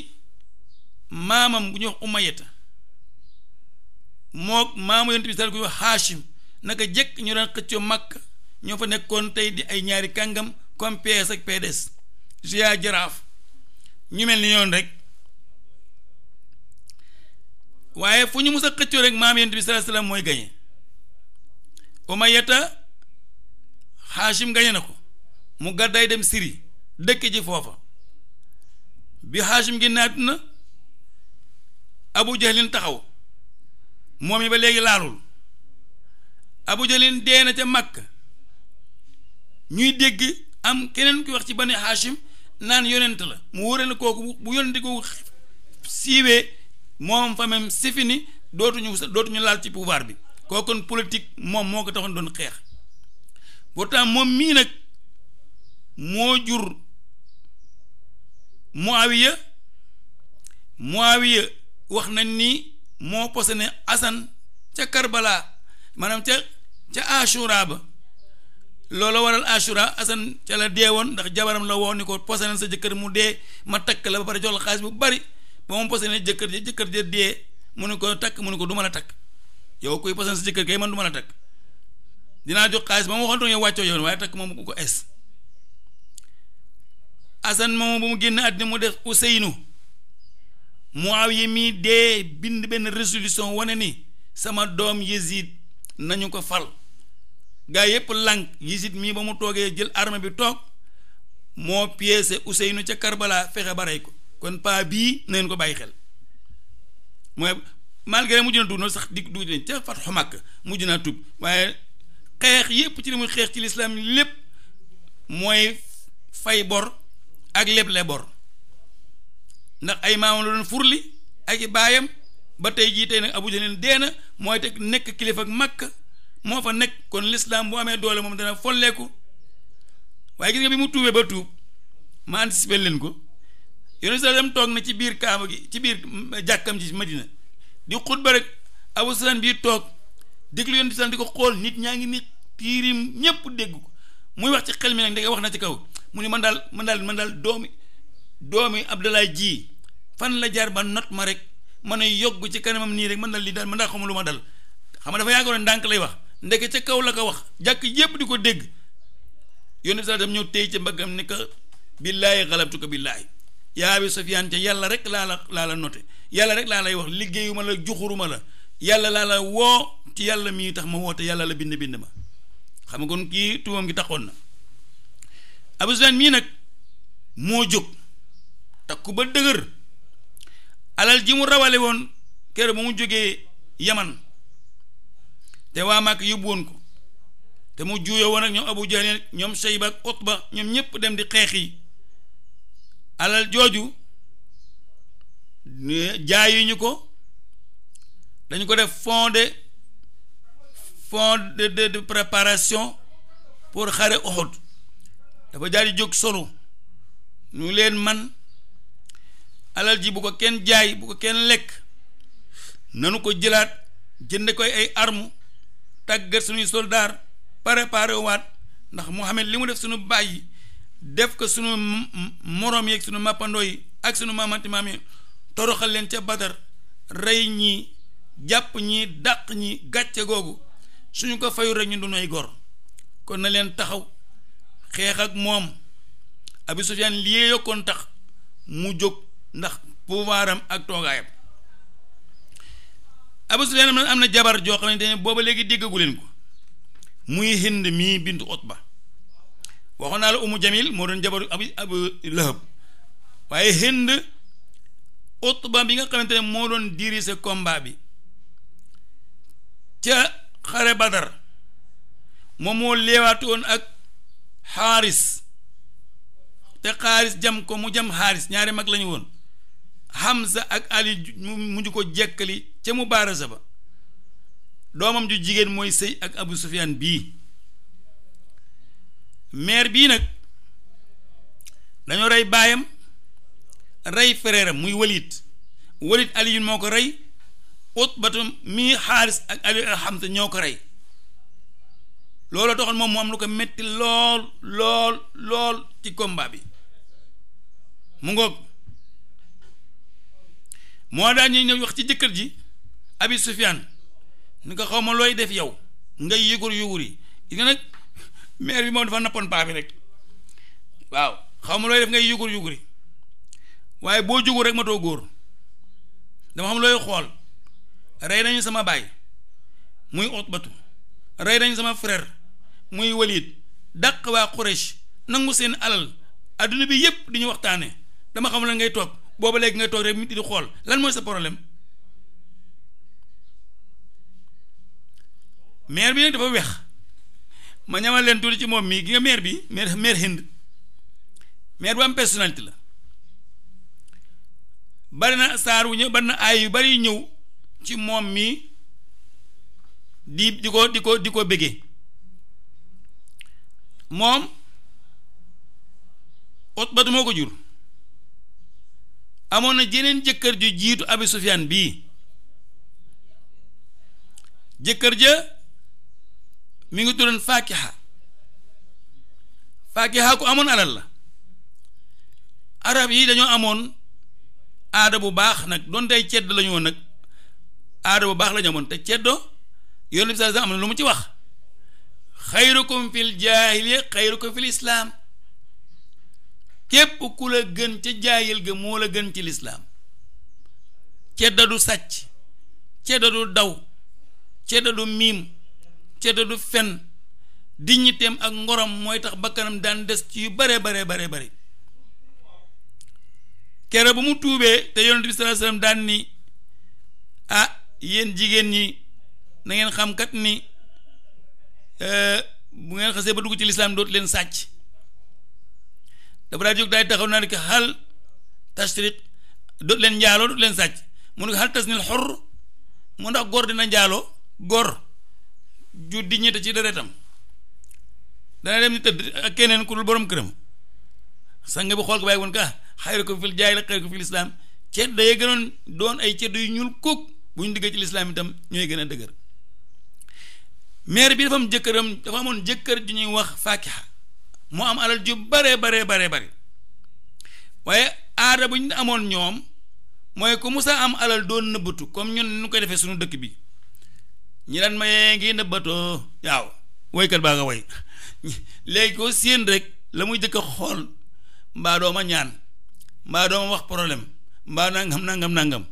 maamam gu ñuy wax moo maamu yonent bi sax ku ñuy wax jëkk ñu daan xëccoo makka ñoo fa nekkoon tey di ay ñaari kàngam comme PS jaraaf ñu mel ni yoon rek waaye fu ñu mus a xëccoo rek maam yonent bi mooy gañe umayata xaashim gañe na ko mu gàddaay dem siri dëkk ji foofa bi xaashim gi naat na abu jahlin taxaw moom yi ba léegi laalul abu jahlin dee na ca màkk ñuy dégg am keneen kuy wax ci bani xaashim naan yonent la mu wóore na kooku bu yonente kooku siiwee moom fa même si fini dootuñu dootuñu laal ci pouvoir bi kon politique moom moo ko taxoon doon xeex pourtant moom mii nag moo jur Muawiya Muawiya wax nañ ni moo posone Asan ca Karbala maanaam ca ca Ashura ba loolu waral Ashura Asan ca la dee woon ndax jabaram la woo ni ko posone sa jëkkër mu dee ma takk la ba pare jox la xaalis bu bari ba mu posone jëkkër ja jëkkër ja dee mu ne ko takk mu ne ko duma la takk yow koy posan sa ci kër kay man du mën a takk dinaa jox xaalis ba ma waxoon yow wàccoo yow waaye takk moom ko es asan moom bu mu génn àddina mu def Useynu Muawiya mii dee bind benn résolution wane ni sama doom Yezid nañu ko fal gaa yépp lànk Yezid mii ba mu toogee jël arme bi toog moo piécé Useynu ca Karbala fexe ba ko kon paa bii neen ko bàyyi xel malgré mujj na tuub noonu sax di dugg nañ ca fatxu Makka mujj naa tuub waaye xeex yépp ci li muy xeex ci lislaam lépp mooy fay bor ak lépp lay bor ndax ay maamam la doon furli ak i baayam ba tey jii tey nag Abu Jahl dee na mooy teg nekk kilifa ak Makka moo fa nekk kon lislaam bu amee doole moom dana folleeku waaye gis nga bi mu tuubee ba tuub ma anticiper leen ko yonent toog na ci biir kaaba gi ci biir jàkkam ji Madina di ba rek abu sufyaan bii toog déglu yoon di ko xool nit ñaa ngi ni tiirim ñëpp dégg ko muy wax ci xel mi nag ndeke wax na ci kaw mu ne man daal man daal man daal doomi ab dalaa ji fan la jaar ba not ma rek man a yogg ci kanamam nii rek man daal lii daal man daal xamul lu ma dal xam ma dafa yaakaaroon ndànk lay wax ndeke ca kaw la ko wax jàkk yépp di ko dégg yónni bi sax dam ñëw téy ci mbaggam ne ka billaahi xalabtu ko billaahi yaa abi sufyaan te yàlla rek laa la laa la noté yàlla rek laa lay wax liggéeyuma la juxuruma la yàlla laa la woo ci yàlla mii tax ma woote yàlla la bind bind ma xam nga kon kii tuumam gi taxoon na abu sufyaan mii nag moo jóg takku ba dëgër alal ji mu rawale woon kër ba mu jógee yaman te waa Màkk yóbbu ko te mu juuyoo woon ak ñoom abu jahl ñoom sayba ak utba ñoom ñëpp dem di xeex yi alal jooju jaayuñu ko dañ ko def fond de fond de de préparation pour xare Uhud dafa jaar di jóg solo ñu leen man alal ji bu ko kenn jaay bu ko kenn lekk nanu ko jëlaat jënd koy ay armes tàggat suñuy soldaar préparé waat ndax Muhammad li mu def suñu bàyyi def ko sunu moroom yeeg sunu màppandoo yi ak sunu maamanti maam yi toroxal leen ca badar rey ñi jàpp ñi dàq ñi gàcce googu suñu ko fayu rek ñu du gor kon na leen taxaw xeex ak moom Abi Sufyaan lii yokkoon tax mu jóg ndax pouvoiram ak toogaayam Abi na am na jabar joo xam ne booba léegi déggagu leen ko muy Hind mii ot ba waxoon naa la umu jamil moo doon jabaru abi abu lahab waaye hind utba bi nga xamante ne moo doon diriger combat bi ca xare badar moom moo leewaatu woon ak xaaris te xaaris jam ko mu jam xaaris ñaari mag lañu woon Hamza ak Ali mu mujj ko jekkali ca mu ba doomam ju jigéen mooy sëy ak Abu Sufyaan bii maire bii nag dañoo rey baayam rey frère muy Walid Walid Aliyun moo ko rey Utbatu mii Xaaris ak Ali Hamza ñoo ko rey loolu taxoon moom mu am lu ko metti lool lool lool ci komba bi mu ngoog moo daan ñuy ñëw wax ci jëkkër ji Abi Sufyaan ni ko xaw ma looy def yow ngay yëgur yugur yi gis nga nag maire bi moom dafa nappoon paa bi rek waaw xaw ma looy def ngay yugur yuguri waaye boo jugur rek ma too góor dama xam looy xool rey nañu sama baay muy otbatu rey nañu sama frère muy walid daq waa Quraysh nangu seen alal adduna bi yëpp di ñu waxtaane dama xam la ngay toog booba léegi ngay toog rek nit di xool lan mooy sa problème maire bi nag dafa weex ma ñamal leen tuuti ci moom mii gi nga maire bi maire maire Hind maire bu am personnalité la barina na saar wu ñëw bari ay yu bari ñëw ci moom mii di di ko di ko di ko bëgge moom Utbatu moo ko jur amoon na jeneen jëkkër ju jiitu Abi Sufyaan bii jëkkër ja mi ngi tuddoon faakiha faakiha ku amoon alal la arab yi dañoo amoon aada bu baax nag doon cedd la ñu woon nag aada bu baax la ñu amoon te ceddo yoon bi saa am lu mu ci wax xayrukum fil jaahiliya xayrukum fil islaam képp ku la gën ca jaayil ga moo la gën ci lislaam cedda du sàcc cedda du daw cedda du miim ceddo du fen digniteem ak ngorom mooy tax bakkanam daan des ci yu bare bare bare bare kere bu mu tuubee te yonent bi sallallahu alayhi wasallam daan nii ah yéen jigéen ñi na ngeen xam kat ni euh, bu ngeen xasee ba dugg ci lislaam dootu leen sàcc dafa daa jóg daay taxaw naa ne ko xal tashriq dootu leen njaaloo dootu leen sàcc mu ne ko xal tas nil xor mu ndax góor dina njaaloo góor ju di ñitte ci deretam dana dem di tëdd ak keneen ku dul borom këram sang bi xool ko bàyyi woon ka xayrukum fil jaahiliyya xayrukum fil islaam cedd day gënoon doon ay cedd yu ñuul kuk bu ñu digg ci lislaam itam ñooy gën a dëgër maire bi dafa am jëkkëram dafa amoon jëkkër ju ñuy wax faakiha moo am alal ju bare bare bare bare waaye aada bu ñu amoon ñoom mooy ku musaa am alal doon nëbbatu comme ñun nu koy defee sunu dëkk bi ñi daan mayee ngi nëbbatoo waaw woykat baa nga woy léegi ko séen rek la muy jëkk a xool mbaa dooma ñaan mbaa dooma wax problème mbaa nangam nangam nangam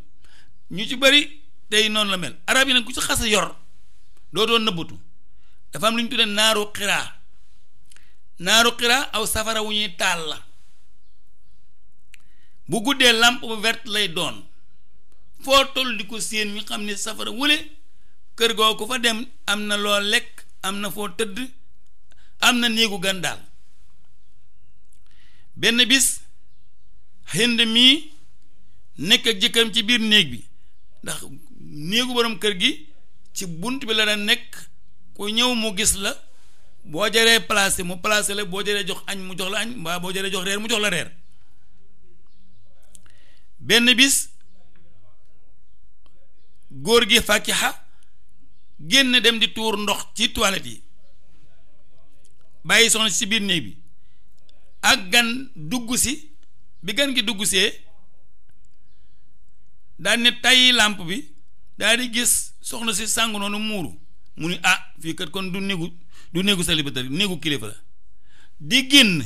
ñu ci bari tey noonu la mel arab yi nag ku ci xas a yor doo doon nëbbatu dafa am lu ñu tuddee naaru xiraa naaru xiraa aw safara wu ñuy taal la bu guddee làmp bu verte lay doon foo toll di ko séen ñu xam ne safara wule kër goo ko fa dem am na loo lekk am na foo tëdd am na néegu gan daal benn bis hind mii nekk ak jëkkëram ci biir néeg bi ndax néegu borom kër gi ci bunt bi la daan nekk ku ñëw mu gis la boo jaree placé mu placé la boo jaree jox añ mu jox la añ mbaa boo jaree jox reer mu jox la reer benn bis góor gi fàkki génn dem di tuur ndox ci toilette yi bàyyi soxna si biir néeg bi ak gan dugg si bi gan gi dugg see daal ne tàyyi làmp bi daal di gis soxna si sàngu noonu muuru mu ni ah fii kat kon du néegu du néegu célibataire néegu kilifa la di génn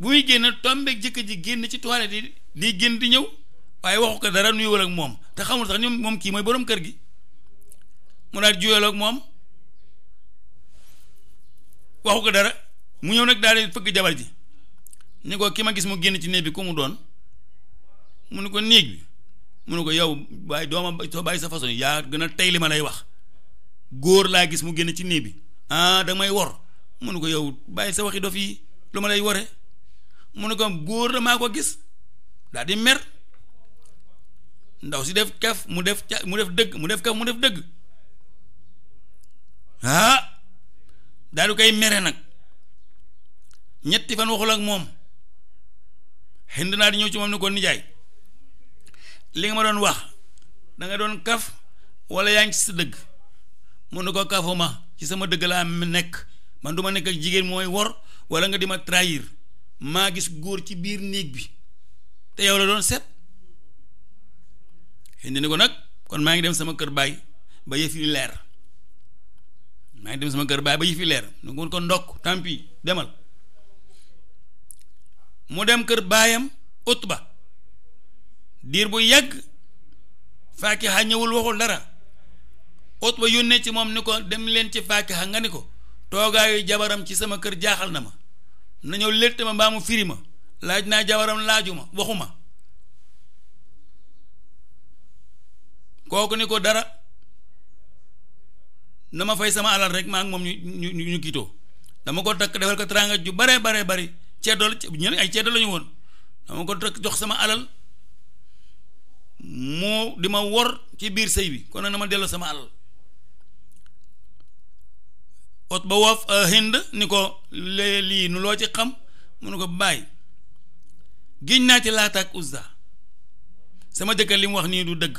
bu muy génn tombeeg jëkk ji génn ci toilette yi di génn di ñëw waaye waxu ko dara nuyuwal ak moom te xamul sax ñoom moom kii mooy borom kër gi mu daal juyal moom waxu ko dara mu ñëw nag daal di fëgg jabar ji ni ko ki ma gis mu génn ci néeg bi ku mu doon mu ne ko néeg bi mu ne ko yow waaye dooma soo bàyyi sa façon yaa gën a tey li ma lay wax góor laa gis mu génn ci néeg bi ah wor mu ko yow sa waxi lu ma lay wore mu ne ko góor la ko gis daal di mer ndaw si def kaf mu def ca mu def dëgg mu def kaf mu def dëgg ah daal di koy mere nag ñetti fan waxul ak moom Hind naa di ñëw ci moom ne ko nijaay li nga ma doon wax da doon kaf wala yaa ngi ci sa dëgg mun na ko kafuma ci sama dëgg laa nekk man du ma nekk ak jigéen mooy wor wala nga di ma trahir maa gis góor ci biir néeg bi te yow la doon set Hind ni ko nag kon maa ngi dem sama kër baay ba yëf leer. maa ngi dem sama kër baay ba yi fi leer nu ngi ko ndokk tant demal mu dem kër baayam ba diir bu yàgg faakiha ñëwul waxul dara ba yónnee ci moom ni ko dem leen ci faakiha nga ni ko toogaayu jabaram ci sama kër jaaxal na ma na ñëw létt ma mbaa mu firi ma laaj naa jabaram laaju ma waxuma kooku ni ko dara na ma fay sama alal rek maa ngi moom ñu ñu ñu kiitoo dama ko takk defal ko teraanga ju bare bare bari ceddoo la ay ceddoo la ñu woon dama ko takk jox sama alal moo di ma wor ci biir sëy bi kon nag na ma delloo sama alal ot ba woof euh, hind ni ko lee lii nu loo ci xam mu ne ko bàyyi giñ naa ci laata ak uzza sama jëkkër li mu wax nii du dëgg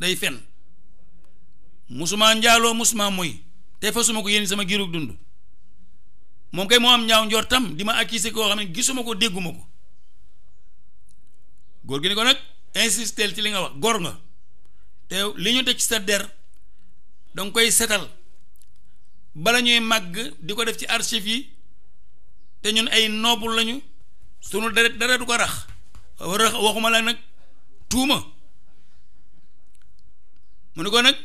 day fen musuma njaaloo musuma muy tey fasuma ko yéen sama giirug dund moom kay moo am ñaaw njor tam di ma accusé koo xam ne gisuma ko dégguma ko góor gi ni ko nag insistel ci li nga wax góor nga te li ñu teg ci sa der danga koy setal bala ñuy màgg di ko def ci archive yi te ñun ay noble lañu sunu deret dara du ko rax rax waxuma la nag tuuma mu ne ko nag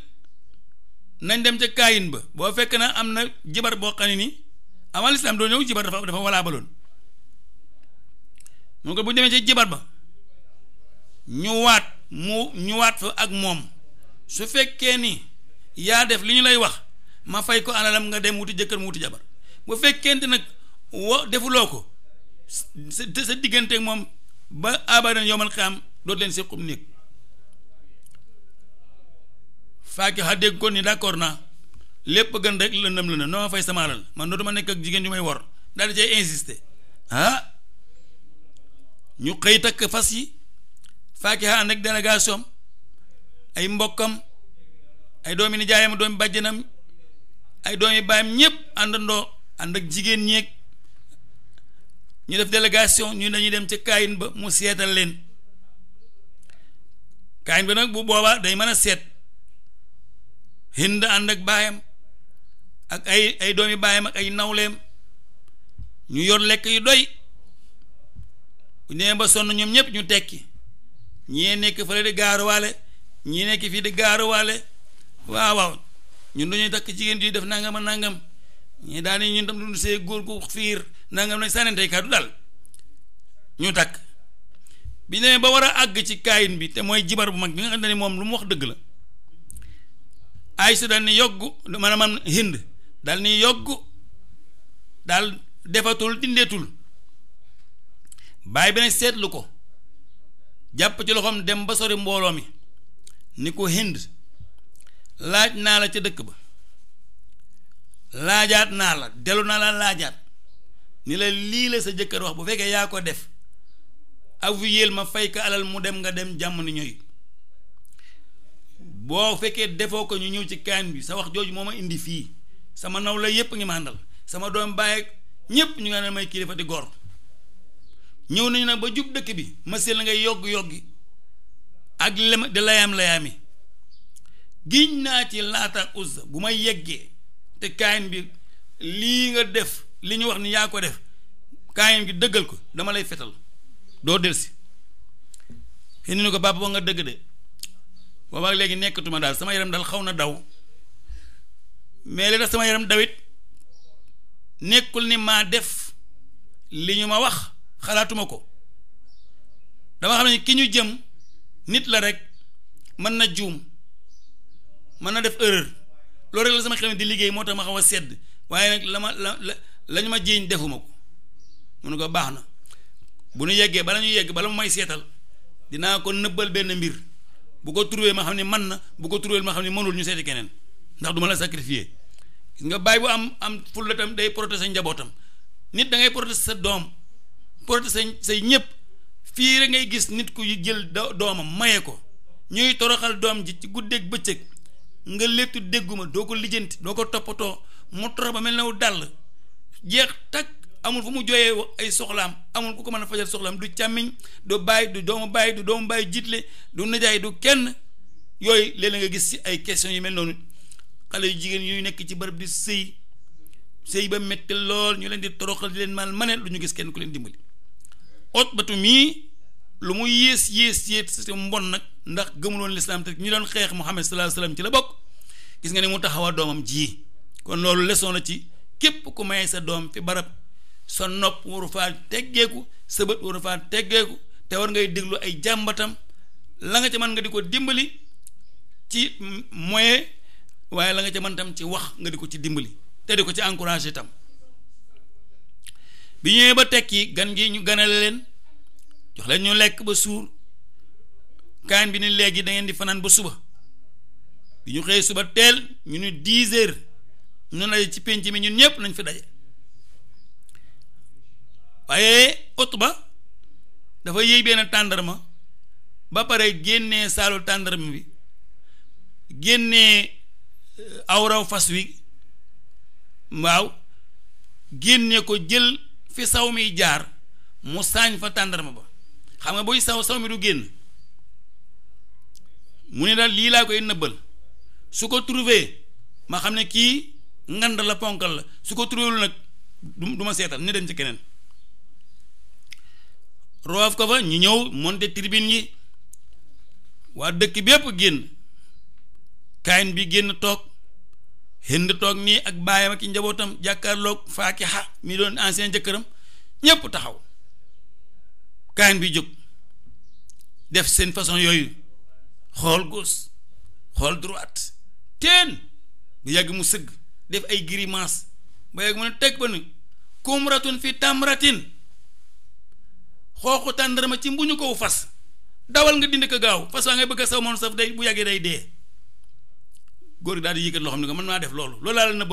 nañ dem ca kaayin ba boo fekk na am na jibar boo xam ne nii avant lislaam doo ñëw jibar dafa dafa walaa baloon mu ko bu demee ca jibar ba ñu waat mu ñu waat fa ak moom su fekkee ni yaa def li ñu lay wax ma fay ko alalam nga dem wuti jëkkër mu wuti jabar bu fekkente nag wo defuloo ko sa digganteeg moom ba abadan yowmal xiyaam dootu leen séqub néeg faakiha dégg ko ni d'accord naa lépp gën rek lëndëm lëndëm na ma fay sama alal man dootuma nekk ak jigéen yu may wor daal di cay insister ah ñu xëy takk fas yi faakiha ànd ak délégation ay mbokkam ay doomi nijaayam doomi bàjjanam ay doomi baayam ñëpp àndandoo ànd ak jigéen ñeeg ñu def délégation ñu dañuy dem ca kaayin ba mu seetal leen kaayin ba nag bu boobaa day mën a seet hind ànd ak baayam ak ay ay doomi baayam ak ay nawleem ñu yor lekk yu doy bu nee ba sonn ñoom ñëpp ñu tekki ñee nekk fële di gaaruwaale ñi nekk fii di gaaruwaale waaw waaw ñun dañuy takk jigéen ji def nangam a nangam ñii daal ñun tam duñu see góor gu fiir nangam nañ sànnentey kàddu daal ñu takk bi nee ba war a àgg ci kaayin bi te mooy jibar bu mag bi nga xam ne moom lu mu wax dëgg la Aysa daal ni yoggu man a man Hind daal ni yoggu daal defatul dindeetul baay bi nag seetlu ko jàpp ci loxoom dem ba sori mbooloo mi ni ko Hind laaj naa la ca dëkk ba laajaat naa la dellu naa la laajaat ni la lii la sa jëkkër wax bu fekkee yaa ko def avuyeel ma fay ko alal mu dem nga dem jàmm ni ñooy boo fekkee defoo ko ñu ñëw ci kaan bi sa wax jooju moo ma indi fii sama naw la yépp ngi ma àndal sama doom bàyyeeg ñépp ñu nga ne may kilifa di góor ñëw nañu nag ba jub dëkk bi ma seel la ngay yogg-yoggi ak lem di layaam-layaami giñ naa ci laata uzza bu may yeggee te kaayin bi lii nga def li ñu wax ni yaa ko def kaayin bi dëggal ko dama lay fetal doo delsi xëy na ko bàpp boo nga dëgg de boobaag léegi nekkatuma daal sama yaram daal xaw na daw mais léegi sama yaram dawit nekkul ni maa def li ñu ma wax xalaatuma ko dama xam ne ki ñu jëm nit la rek mën na juum mën na def erreur loolu rek la sama xel di liggéey moo tax ma xaw a sedd waaye nag la ma la la ñu ma jiiñ defuma ko mu ne ko baax na bu ñu yeggee bala ñu yegg bala mu may seetal dinaa ko nëbbal benn mbir bu ko trouvé ma xam ne man na bu ko trouvé ma xam ne mënul ñu seeti keneen ndax duma la sacrifier gis nga bàyyi bu am am ful la tam day protéger njabootam nit dangay ngay sa doom protéger say ñëpp fii rek ngay gis nit ku jël doomam mayee ko ñuy toroxal doom ji ci guddeeg bëccëg nga léttu dégguma doo ko lijjanti doo ko toppatoo mu toro ba mel ne wu dàll jeex takk amul fu mu jooyee ay soxlaam amul ku ko mën a fajal soxlaam du càmmiñ du bàyyi du doomu bàyyi du doomu bàyyi jiitle du nijaay du kenn yooyu léeg-léeg nga gis ci ay questions yu mel noonu xale yu jigéen yu nekk ci barab di sëy sëy ba métti lool ñu leen di toroxal di leen mal mane lu ñu gis kenn ku leen dimbali ot batu mii lu mu yées yées yéet si mbon nag ndax gëmul woon lislaam te ñu doon xeex Muhammad sallallahu alayhi wasallam ci la bokk gis nga ne mu taxawa doomam ji kon loolu leçon la ci képp ku may sa doom fi barab sa nopp waru faa teggeeku sa bët waru faa teggeeku te war ngay déglu ay jàmbatam la nga ca man nga di ko dimbali ci moyen waaye la nga ca mën tam ci wax nga di ko ci dimbali te di ko ci encouragé tam bi ñëwee ba tekki gan gi ñu ganale leen jox leen ñu lekk ba suur kaan bi ni léegi dangeen di fanaan ba suba bi ñu xëyee suba teel ñu ni dix heures ñu daje ci penc mi ñun ñëpp nañ fi daje waaye ba dafa yëy benn tàndarma ba pare génnee saalu tàndarma bi génnee euh, awraw fas wi waaw génnee ko jël fi saw mi jaar mu saañ fa tàndarma ba xam nga buy saw saw mi du génn mu ne daal lii laa koy nëbbal su ko trouvé ma xam ne kii ngand la ponkal la su ko trouvé nag du ma seetal ne dem ci keneen roof ko fa ñu ñëw monte tribune yi waa dëkk bépp génn kaayin bi génn toog hind toog nii ak baayam ak njabootam jàkkaarloog faakiha mi doon ancien jëkkëram ñépp taxaw kaayin bi jóg def seen façon yooyu xool gauche xool droite teen bu yàgg mu sëgg def ay grimace ba yàgg mu ne teg ba ni kumratun fi tamratin xooxu tàndarma ci mbuñu kow fas dawal nga dindi ko gaaw fas waa ngay bëgg a saw moon saf day bu yàggee day dee góor gi daal di yëkkat loo xam ne ko mën naa def loolu loolu laa la na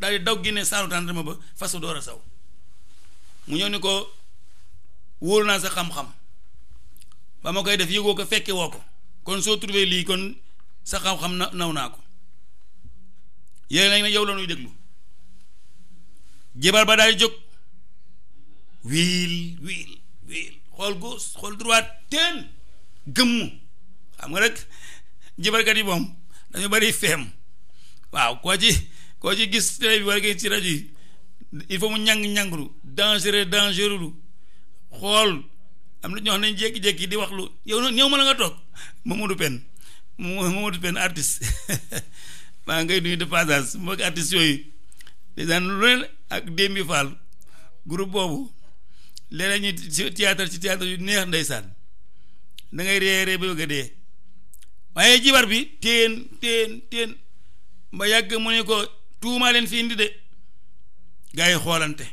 daal di daw génne saaru tàndarma ba fas door a saw mu ñëw ni ko wóor naa sa xam-xam ba ma koy def yëgoo ko fekke woo ko kon soo trouvé lii kon sa xam-xam na naw naa ko yéen lañ ne yow la déglu jébar ba daal jóg wiil wiil xool gauche xool droit teen gëmm xam nga rek jibarkat yi moom dañu bari feem waaw koo ci koo ci gis télé bi wala ci rajo yi il faut mu ñàng-ñànglu dangereux dangereux xool am na ñoo xam ne di wax lu yow noonu ñëw ma la nga toog Mamadou Pène Mamadou Pène artiste maa ngay nuyu de passage mbokk artiste yooyu daan lu ne ak Dembi Fall groupe boobu léeg-léeg ñu ci théâtre yu neex ndeysaan da ngay ree ree ba bëgg a dee waaye jibar bi téen téen téen ba yàgg mu ne ko tuumaa leen fi indi de gaa yi xoolante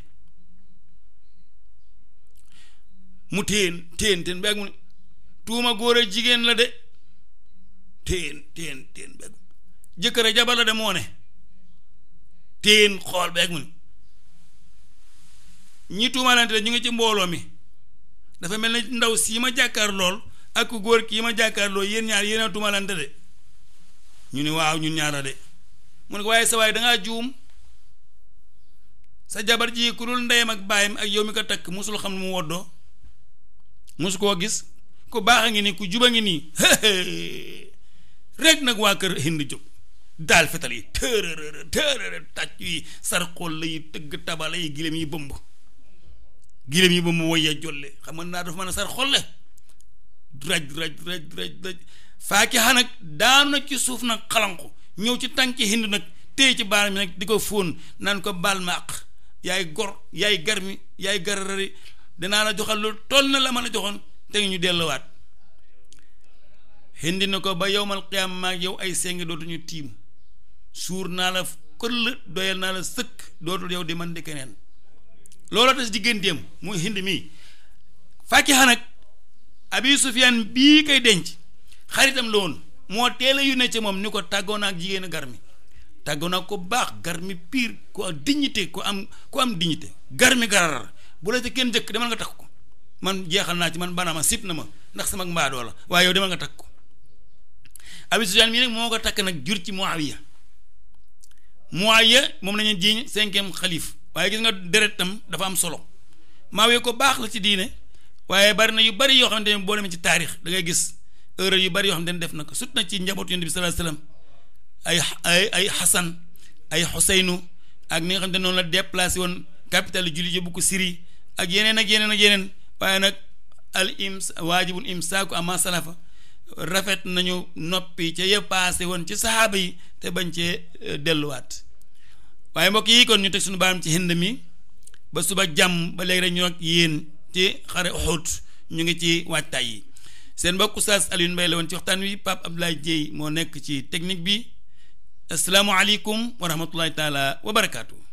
mu téen téen téen ba mu tuuma góor jigéen la de téen téen téen ba yàgg jëkkër a jabar la de moo ne téen xool ba mu ne ñi tuumalante ñu ngi ci mbooloo mi dafa mel ne ndaw sii ma jàkkaar lool ak góor kii ma jàkkaar lool yéen ñaar yéen a tuumalante de ñu ni waaw ñun ñaara de mu ne waaye sa waaye dangaa juum sa jabar ji ku dul ndeyam ak baayam ak yow mi ko takk musul xam mu woddoo musu koo gis ku baax ngi nii ku juba ngi nii rek nag waa kër hind jóg daal fetal yi tërërë tërërë tàcc yi sarxol la yi tëgg tabala yi gileem yi bëmb giléem yi ba mu woy ya jolle xam naa dafa mën a sar xolle raj raj raj raj raj faakiha nag daanu nag ci suuf nag xalanqu ñëw ci tànki hind nag téye ci baaraam yi nag di ko fóon naan ko baal ma àq yaay gor yaay gar danaa la joxal loolu toll na la ma la joxoon te ñu delluwaat hindi na ko ba yowmal qiyaam maag yow ay seng dootuñu tiim suur naa la këll doyal naa la sëkk dootul yow di man di keneen looloo des digganteem muy hind mii fàkkiha nag abi sufiyaan bii koy denc xaritam la woon moo teel yu ne ci moom ni ko tàggoon ak jigéenu garmi tàggoon ak ko baax garmi pire ku am dignité ku am ku am dignité garmi garar bu la ci kenn jëkk demal nga takk ko man jeexal naa ci man a sib na ma ndax sama mbaadoo la waaye yow demal nga takk ko abi sufiyaan mii nag moo ko takk nag jur ci muawiya muawiya moom la ñu jiiñ cinquième xalif waaye gis nga deret am dafa am solo maawe ko baax la ci diine waaye bari na yu bari yoo xamante ne boo demee ci taarix da ngay gis erreur yu bari yoo xamante def na ko surtout nag ci njabootu yonent bi sallallahu alayhi wasallam ay ay ay Xasan ay Xuseynu ak ni nga xamante noonu la déplacé woon capitale jullit yóbbu ko Syrie ak yeneen ak yeneen ak yeneen waaye nag al ims waajibun imsaaku amma salafa rafet nañu noppi ca yëpp woon ci saxaaba yi te bañ cee eh, delluwaat waaye mbokk yi kon ñu teg suñu baam ci Hind mi ba suba jàmm ba léegi rek ñu ak ci xare Uhud ñu ngi ci waajtaay yi seen mbokk Oustaz Alioune Mbaye la woon ci waxtaan wi Pape Abdoulaye Dieye moo nekk ci technique bi asalaamualeykum wa rahmatullahi taala wa